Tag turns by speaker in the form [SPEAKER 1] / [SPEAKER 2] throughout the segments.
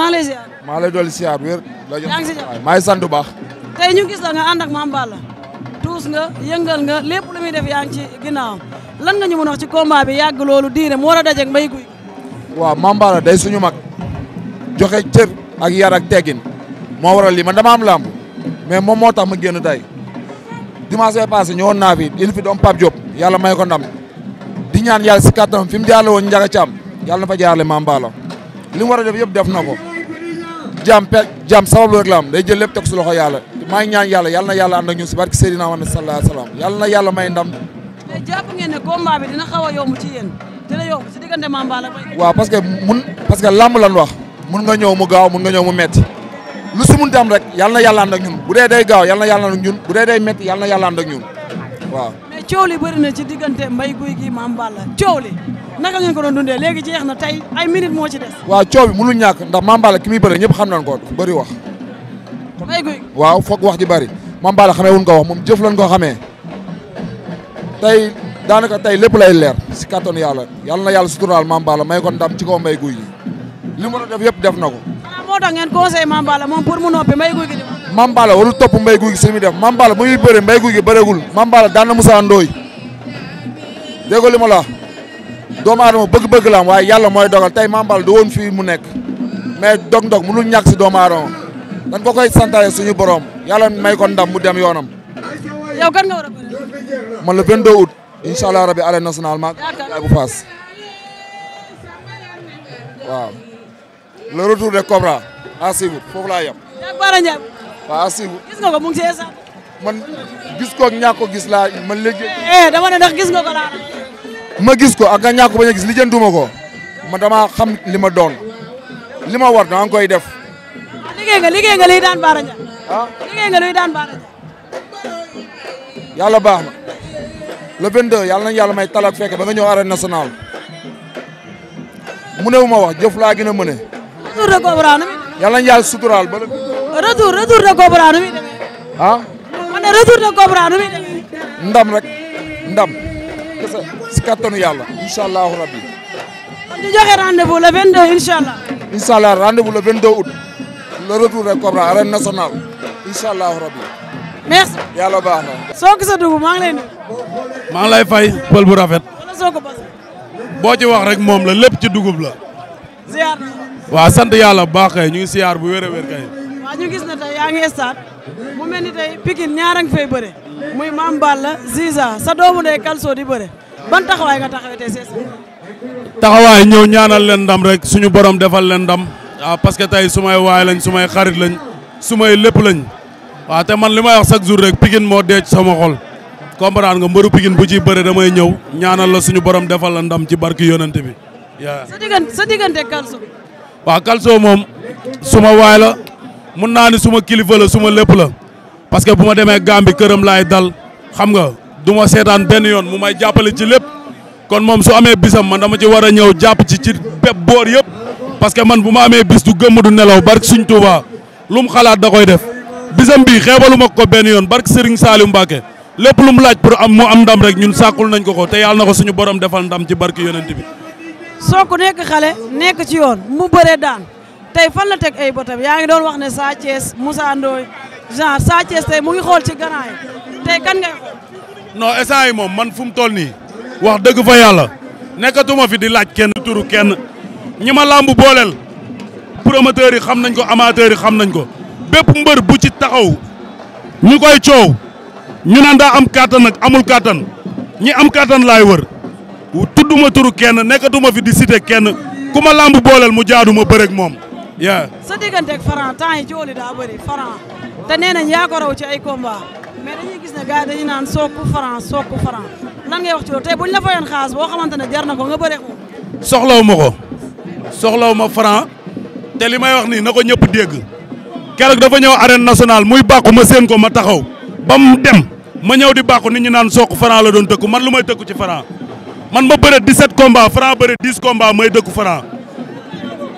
[SPEAKER 1] maa lay ziar. maa lay dolli ziar wér. yaa ngi si jàpp sant bu baax.
[SPEAKER 2] tey ñu gis la nga ànd ak Mame tuus nga yëngal nga lépp lu muy def yaa ngi ci lan nga ñu mën a wax ci combat bi yàgg loolu diire mu war a dajeeg
[SPEAKER 1] guy. waaw Mame Balla day suñu mag. joxe cër ak yar ak teggin. moo waral lii man dama am làmb mais moom moo tax ma génn tey dimanche bay passé ñëwoon naa fi fi doom Pape Diop yàlla may ko ndam di ñaan yàlla si kattanam fi mu jaarale woon Ndiaga Thiam na fa jaarale Mame Balla li mu war a def yëpp def na ko. jaam pe jaam sabab rek la day jël lépp teg su loxo yàlla maa ngi ñaan yàlla yàlla na yàlla ànd ak ñun si barke Seydina Muhammad sallallahu yàlla may ndam.
[SPEAKER 2] mais jàpp ngeen ne combat dina xaw a yomb ci dina yomb si diggante
[SPEAKER 1] Mamba la. waaw parce que mun parce que làmb lan wax mun nga ñëw mu gaaw mun nga ñëw mu metti lu si mun am rek yàlla na yàlla ànd ak ñun bu dee day gaaw yàlla na yàlla ànd ak ñun bu dee day metti yàlla na yàlla
[SPEAKER 2] coow li bëri na ci diggante mbay guy gi maam coow li naka ngeen ko doon dundee léegi jeex na tey ay minutes moo ci des.
[SPEAKER 1] waaw coow bi mënul ñàkk ndax maam Balla ki muy bëre ñëpp xam nañ ko bëri wax. mbay guy waaw foog wax ji bëri maam Balla xamee wuñ ko wax moom jëf lañ ko xamee tey daanaka tey lépp lay leer si katon yàlla yàlla na yàlla suturaal maam Balla may ko ndam ci kaw mbay guy gi li mu def yëpp def na ko.
[SPEAKER 2] moo tax ngeen conseil maam
[SPEAKER 1] moom pour mu noppi mbay guy gi mambala Balla warul topp Mbaye Gouy Gui si muy def Mame Balla bu muy bëre Mbaye Gouy Gui bëreegul Mame Balla daan na Moussa Ndoye dégg li ma la bëgg-bëgg lam waaye yàlla mooy dogal tey Mame Balla du fii mu nekk mais dog-dog mënul ñàkk si doomu aadama dañ ko koy santale suñu borom yàlla may ko mu dem yoonam. yow kan nga war a bëre. man le 22 août incha bu Fass waaw Asib. gis nga ko mu ngi si man gis ko ak ñàkk ko gis laa man léegi. Eh, dama ne ndax gis nga ko laa. ma gis ko ak nga ñàkk bañ a gis li jëndu ma ko ma dama xam li ma doon li ma war dama koy def.
[SPEAKER 2] Ah, liggéey nga liggéey nga liy daan baara ña. ah liggéey nga luy daan baara ña.
[SPEAKER 1] yàlla baax na le 22 yàlla nañu yàlla may talak fekke ba nga ñëw arène nationale mu ne wu ma wax jëf laa gën a mëne. yàlla nañu yàlla suturaal ba retour retour de Cobra nu ah? ndam rek ndam. kese si kattanu yàlla. incha allahu rabbi. kon baax na. soo ko dugub maa ngi lay nuyu.
[SPEAKER 3] maa ngi lay fay pël bu rafet.
[SPEAKER 1] wala
[SPEAKER 3] wax rek moom la lépp ci dugub la. ziar na. waaw sant yàlla bu baax kay ñu ngi bu wér kay.
[SPEAKER 2] waaw ñu gis na tey yaa ngi stade mu mel ni tey Pikine ñaara nga fay bëre muy Mame Balla Ziza sa doomu ndey Kalso di bëre ban taxawaay nga taxawee tey c'est taxawaay
[SPEAKER 3] ñëw ñaanal leen ndam rek suñu borom defal leen ndam waaw parce que tey sumay waay lañ sumay xarit lañ sumay lépp lañ waaw te man li may wax chaque jour rek Pikine moo deec sama xol comprendre nga mbëru Pikine bu ciy bëre damay ñëw ñaanal la suñu borom defal la ndam ci barki yonante bi. sa diggante sa mun naa ni suma kilifa la suma lépp la parce que bu ma demee Gàmbi këram laay dal xam nga duma seetaan benn yoon mu may jàppale ci lépp kon moom su amee bisam man dama ci war a ñëw jàpp ci ci bépp boor yëpp parce que man bu ma amee bis du gëmm du nelaw barke suñu Tuubaa lu mu xalaat da koy def bisam bi xeebalu ma ko benn yoon bark Serigne Saliou Mbacké lépp lu mu laaj pour am mu am ndam rek ñun sàkkul nañ ko ko te yàlla na ko suñu borom defal ndam ci barke yonent bi.
[SPEAKER 2] soo ko nekk xale nekk tey fan la teg ay bëtam yaa ngi doon wax ne Sa Thiès Moussa Ndoye genre Sa Thiès tey mu ngi xool ci grand yi tey kan ngay xool.
[SPEAKER 3] non instant yi moom man fu mu toll nii wax dëgg fa yàlla nekkatuma fi di laaj kenn turu kenn ñi ma làmb booleel promoteurs yi xam nañ ko amateurs yi xam nañ ko bépp mbër bu ci taxaw ñu koy coow ñu naan daa am kàttan nag amul kàttan ñi am kàttan laay wër tudduma turu kenn nekkatuma fi di cité kenn ku ma làmb booleel mu jaadu ma bëreeg moom. yaa
[SPEAKER 2] sa digganteeg Franc temps yi jooli daa bëri Franc te nee nañ yaa ko raw ci ay combat dañu naan sooku Franc sooku Franc ngay wax ci tey buñ la fayoon xamante ne jar na ko nga bëree ko.
[SPEAKER 3] ko soxlaw ma Franc te li may wax nii na ko ñëpp dégg keroog dafa ñëw arène national muy bàkku ma séen ko ma taxaw ba mu dem ma ñëw di bàkku nit ñu naan sooku Franc la doon tëkku man lu may tëkku ci Franc man ma bëre 17 combats Franc bëre 10 combats may dëkku Franc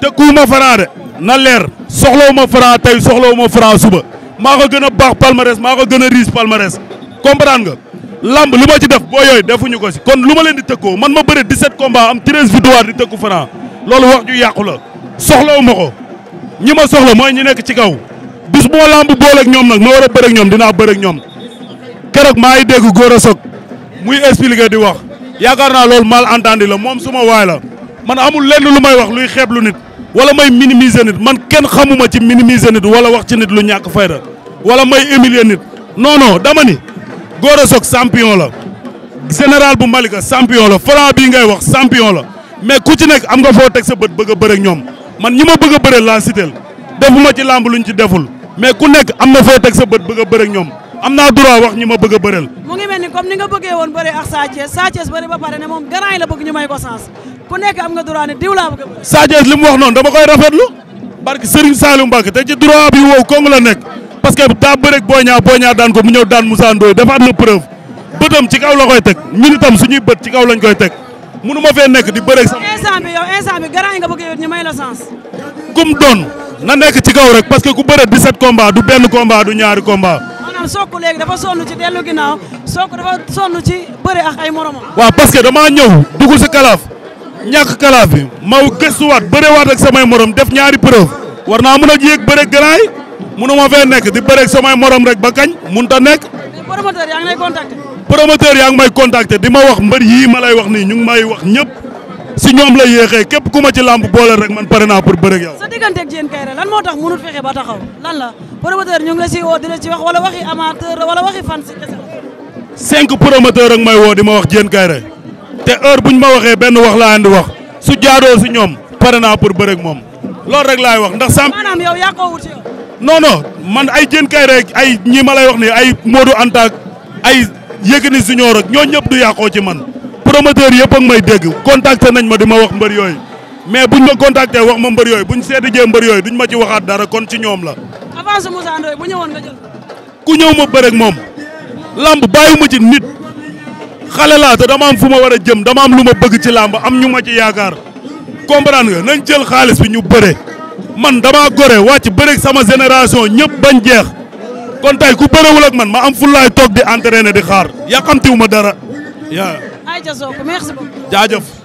[SPEAKER 3] tëkkuwuma Franc de. na leer soxlawuma Franc tey soxlawuma Franc suba maa ko gën a baax palmarès maa ko gën a riche palmarès comprendre nga lamb li ma ci def boo yooyu defuñu ko si kon lu ma leen di tëkkoo man ma di set combats am 13 victoires di tëkku Franc loolu wax ju yàqu la soxlawuma ko ñi ma soxla mooy ñi nekk ci kaw bis bu ma lamb booleeg ñoom nag ma war a bëreeg ñoom dinaa bëreeg ñoom keroog maa ngi dégg góor a soog muy expliquer di wax yaakaar naa loolu mal entendu la moom suma waay la man amul lenn lu may wax luy xeeb lu wala may minimiser nit man kenn xamuma ci minimiser nit wala wax ci nit lu ñàkk fayda wala may humilier nit non non dama ni Gora Sock la général bu Malika champion la Franc bii ngay wax champion la mais ku ci nekk am nga foo teg sa bët bëgg a ñoom man ñi ma bëgg a la laa siteel defuma ci lu ñu ci deful mais ku nekk am na foo teg sa bët bëgg a ñoom am naa droit wax ñi ma bëgg a bëreel.
[SPEAKER 2] mu ngi mel ni comme ni nga bëggee woon bëre ak Sa ku nekk am nga droit ne diw laa
[SPEAKER 3] bëgg a. li mu wax noonu dama koy rafetlu barke Serigne Saliou Mbacké te ci droit bi wow kong la nekk parce daa bëreeg Boy Niang daan ko mu ñëw daan Moussa Ndoye dafa am na preuve bëtam ci kaw la koy teg ñun itam suñuy bët ci kaw lañ koy teg mënu ma fee nekk di bëreeg sama. instant bi
[SPEAKER 2] yow instant bi garant yi nga bëgg a ñu may la sens.
[SPEAKER 3] kum doon na nekk ci kaw rek parce que ku bëre 17 combats du benn combat du ñaari combat.
[SPEAKER 2] maanaam dafa sonn ci dellu ginnaaw Sokh dafa sonn ci bëre ak ay moromam.
[SPEAKER 3] que damaa ñëw dugg si kalaaf ñàkk kalaaf bi maw gëstuwaat bërewaat ak samay morom def ñaari preuve war naa mën a yéeg bëre ganaay mënu ma fee nekk di bëreeg samay morom rek ba kañ mënut a nekk.
[SPEAKER 2] promoteur yaa ngi lay contacter.
[SPEAKER 3] promoteur yaa may contacter di ma wax mbër yii ma lay wax nii ñu ngi may wax ñëpp si ñoom la yéexee képp ku ma ci làmb boole rek man pare naa pour bëreeg yow.
[SPEAKER 2] sa diggante ak Diène Kaïré lan moo tax mënut fexe ba taxaw lan la promoteur ñu ngi si woo di la wax wala waxi amateur wala waxi fan si kese la.
[SPEAKER 3] cinq promoteur woo di ma wax Diène Kaïré te heure buñ ma waxee benn wax laa andi wax su jaadoo si ñoom pare naa pour bërëg moom loolu rek laay wax ndax. samp maanaam yow yaa ko wut yow. non man ay jën kay rek ay ñi ma lay wax ni ay Modou Anta ak ay Yékini Junior rek ñoo ñëpp du yàqoo ci man promoteur yëpp ak may dégg contacté nañ ma di ma wax mbër yooyu mais bu buñ ma contacté wax ma mbër yooyu buñ seeti jee mbër yooyu duñ ma ci waxaat dara kon ci ñoom la.
[SPEAKER 2] avance Moussa Ndoye bu
[SPEAKER 3] ku ñëw ma bëreeg moom. lamb bàyyiwuma ci nit. xale laa te dama am fu ma war a jëm dama am lu ma bëgg ci làmb am ñu ma ci yaakaar comprendre nga nañ jël xaalis bi ñu bëre man dama gore wàcc bëreeg sama génération ñëpp bañ jeex kon tey ku bërewul ak man ma am fu laay toog di entraîner di xaar yàqamtiwu ma dara yaa
[SPEAKER 2] ayca Sokh merci
[SPEAKER 3] beaucoup